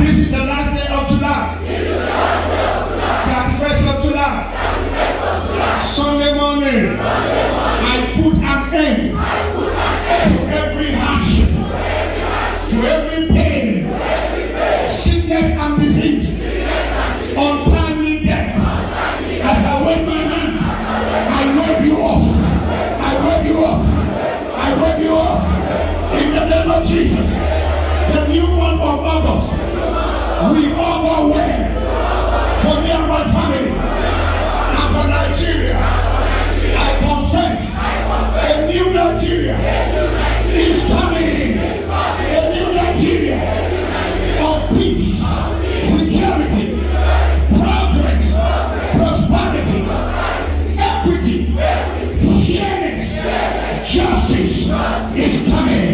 This is the last day of July. the Thirty-first of July. Sunday morning. I put an end. to every hardship. To every pain. Sickness and disease. Sickness and Untimely death. death. As I wave my hands, I wave you off. I wave you off. I wave you off. In the name of Jesus. equity, fairness, justice is coming.